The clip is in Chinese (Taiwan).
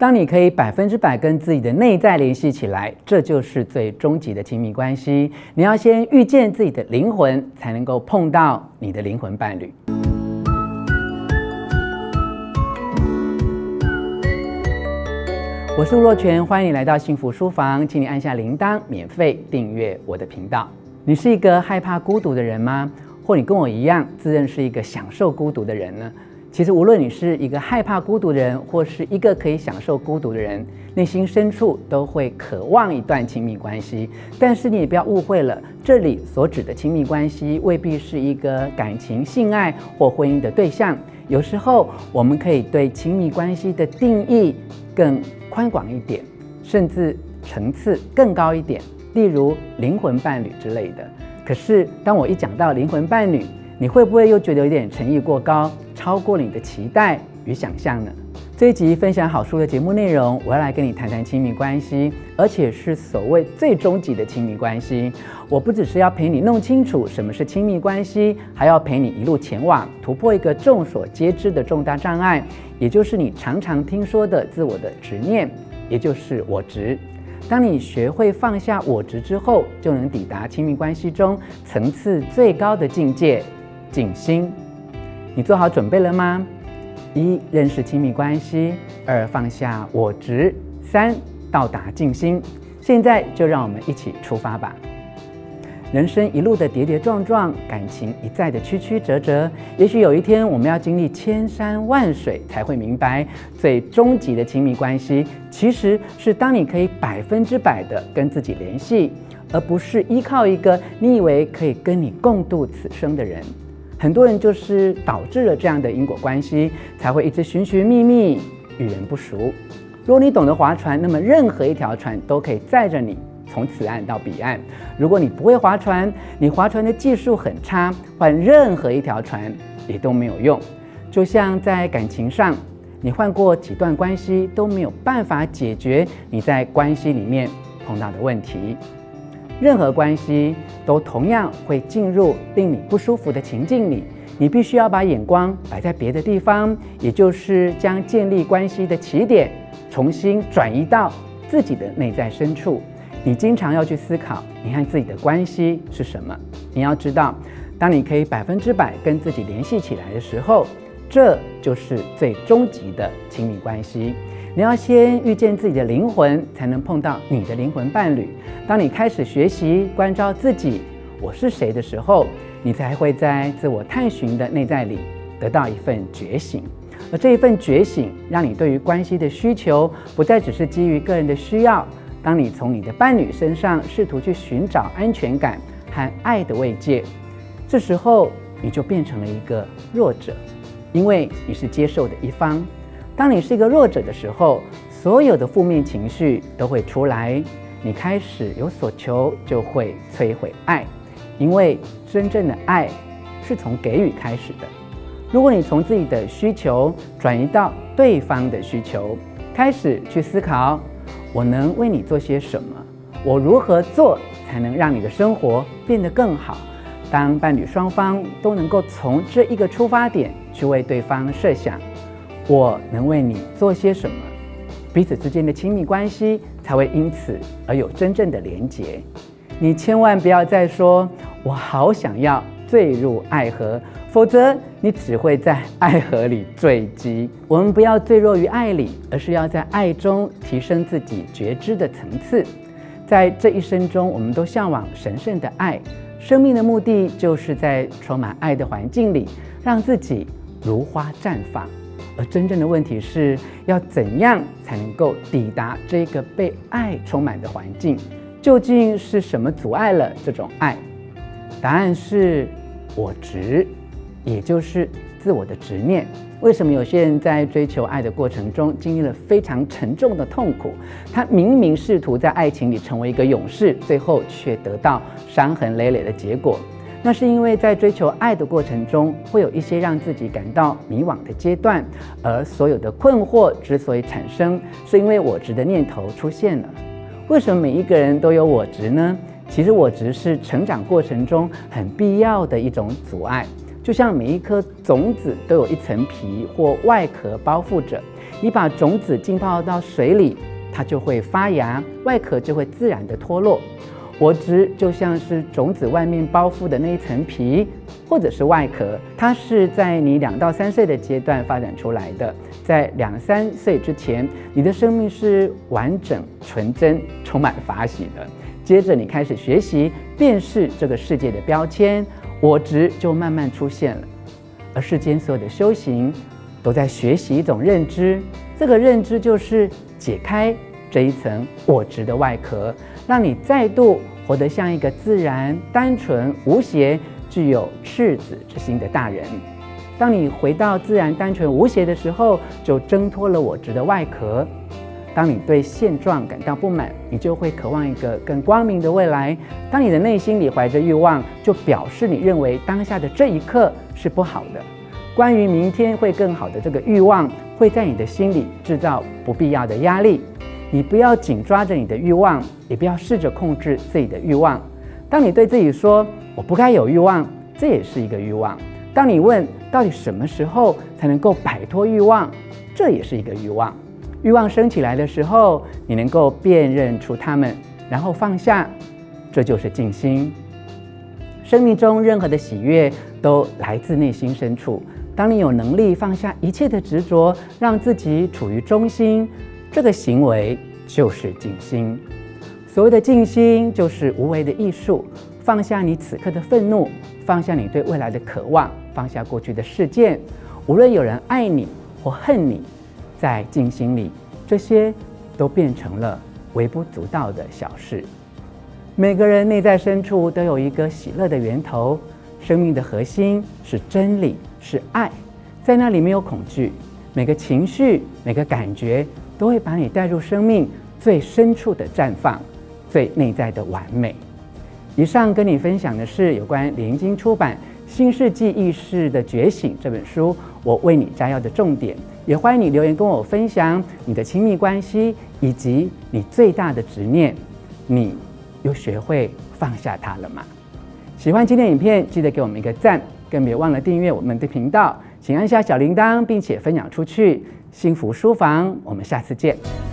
當你可以百分之百跟自己的內在聯繫起來，這就是最終極的親密關係。你要先遇見自己的靈魂，才能夠碰到你的靈魂伴侶。 我是吳若權，歡迎你來到幸福書房，請你按下鈴鐺，免費訂閱我的頻道。 你是一個害怕孤獨的人嗎？或你跟我一樣，自認是一個享受孤獨的人呢？其實，無論你是一個害怕孤獨的人，或是一個可以享受孤獨的人，內心深處都會渴望一段親密關係。但是，你也不要誤會了，這裡所指的親密關係未必是一個感情、性愛或婚姻的對象。有時候，我們可以對親密關係的定義更寬廣一點，甚至層次更高一點，例如靈魂伴侶之類的。可是，當我一講到靈魂伴侶，你會不會又覺得有點陳義過高？超過了你的期待與想象呢？這一集分享好書的節目內容，我要來跟你談談親密關係，而且是所謂最終極的親密關係。我不只是要陪你弄清楚什麼是親密關係，還要陪你一路前往突破一個眾所皆知的重大障礙，也就是你常常聽說的自我的執念，也就是我執。當你學會放下我執之後，就能抵達親密關係中層次最高的境界——靜心。你做好準備了嗎？一、認識親密關係；二、放下我執；三、到達靜心。現在就讓我們一起出發吧。人生一路的跌跌撞撞，感情一再的曲曲折折。也許有一天，我們要經歷千山萬水，才會明白，最終極的親密關係，其實是當你可以百分之百的跟自己聯繫，而不是依靠一個你以為可以跟你共度此生的人。很多人就是導致了這樣的因果關係，才會一直尋尋覓覓，遇人不淑。如果你懂得划船，那麼任何一條船都可以載着你從此岸到彼岸。如果你不會划船，你划船的技術很差，換任何一條船也都沒有用。就像在感情上，你換過幾段關係都沒有辦法解決你在關係裡面碰到的問題。任何關係都同樣會進入令你不舒服的情境裡，你必須要把眼光擺在別的地方，也就是將建立關係的起點重新轉移到自己的內在深處。你經常要去思考，你看自己的關係是什麼？你要知道，當你可以百分之百跟自己聯繫起來的時候，這就是最終極的親密關係。你要先遇見自己的靈魂，才能碰到你的靈魂伴侶。當你開始學習關照自己“我是誰”的時候，你才會在自我探尋的內在裡得到一份覺醒。而這一份覺醒，讓你對於關係的需求不再只是基於個人的需要。當你從你的伴侶身上試圖去尋找安全感和愛的慰藉，這時候你就變成了一個弱者。因為你是接受的一方，當你是一個弱者的時候，所有的負面情緒都會出來。你開始有所求，就會摧毀愛，因為真正的愛是從給予開始的。如果你從自己的需求轉移到對方的需求，開始去思考，我能為你做些什麼？我如何做才能讓你的生活變得更好？當伴侶雙方都能夠從這一個出發點。去為對方設想，我能為你做些什麼？彼此之間的親密關係才會因此而有真正的連結。你千萬不要再說“我好想要墜入愛河”，否則你只會在愛河裡墜機。我們不要墜落於愛裡，而是要在愛中提升自己覺知的層次。在這一生中，我們都向往神聖的愛。生命的目的就是在充滿愛的環境裡，讓自己。如花綻放，而真正的問題是要怎樣才能夠抵達這個被愛充滿的環境？究竟是什麼阻礙了這種愛？答案是我執，也就是自我的執念。為什麼有些人在追求愛的過程中經歷了非常沉重的痛苦？他明明試圖在愛情裡成為一個勇士，最後卻得到傷痕累累的結果。那是因為在追求愛的過程中，會有一些讓自己感到迷惘的階段，而所有的困惑之所以產生，是因為我執的念頭出現了。為什麼每一個人都有我執呢？其實我執是成長過程中很必要的一種阻礙。就像每一顆種子都有一層皮或外殼包覆着，你把種子浸泡到水裡，它就會發芽，外殼就會自然地脫落。我執就像是種子外面包覆的那一層皮，或者是外殼。它是在你兩到三歲的階段發展出來的。在兩三歲之前，你的生命是完整、純真、充滿法喜的。接着你開始學習辨識這個世界的標籤，我執就慢慢出現了。而世間所有的修行，都在學習一種認知，這個認知就是解開。這一層我執的外殼，讓你再度活得像一個自然、單純、無邪、具有赤子之心的大人。當你回到自然、單純、無邪的時候，就掙脫了我執的外殼。當你對現狀感到不滿，你就會渴望一個更光明的未來。當你的內心裡懷着欲望，就表示你認為當下的這一刻是不好的。關於明天會更好的這個欲望，會在你的心裡制造不必要的壓力。你不要緊抓着你的欲望，也不要試着控制自己的欲望。當你對自己說“我不該有欲望”，這也是一個欲望。當你問“到底什麼時候才能夠擺脫欲望”，這也是一個欲望。欲望升起來的時候，你能夠辨認出它們，然後放下，這就是靜心。生命中任何的喜悅都來自內心深處。當你有能力放下一切的執着，讓自己處於中心。這個行為就是靜心。所謂的靜心，就是無為的藝術。放下你此刻的憤怒，放下你對未來的渴望，放下過去的事件。無論有人愛你或恨你，在靜心裡，這些都變成了微不足道的小事。每個人內在深處都有一個喜樂的源頭，生命的核心是真理，是愛，在那裡沒有恐懼，每個情緒，每個感覺。都會把你帶入生命最深處的綻放，最內在的完美。以上跟你分享的是有關聯經出版《新世紀意識的覺醒》這本書，我為你摘要的重點。也歡迎你留言跟我分享你的親密關係，以及你最大的執念。你又學會放下它了嗎？喜歡今天影片，記得給我們一個讚，更別忘了訂閱我們的頻道。請按下小鈴鐺，並且分享出去。幸福書房，我們下次見。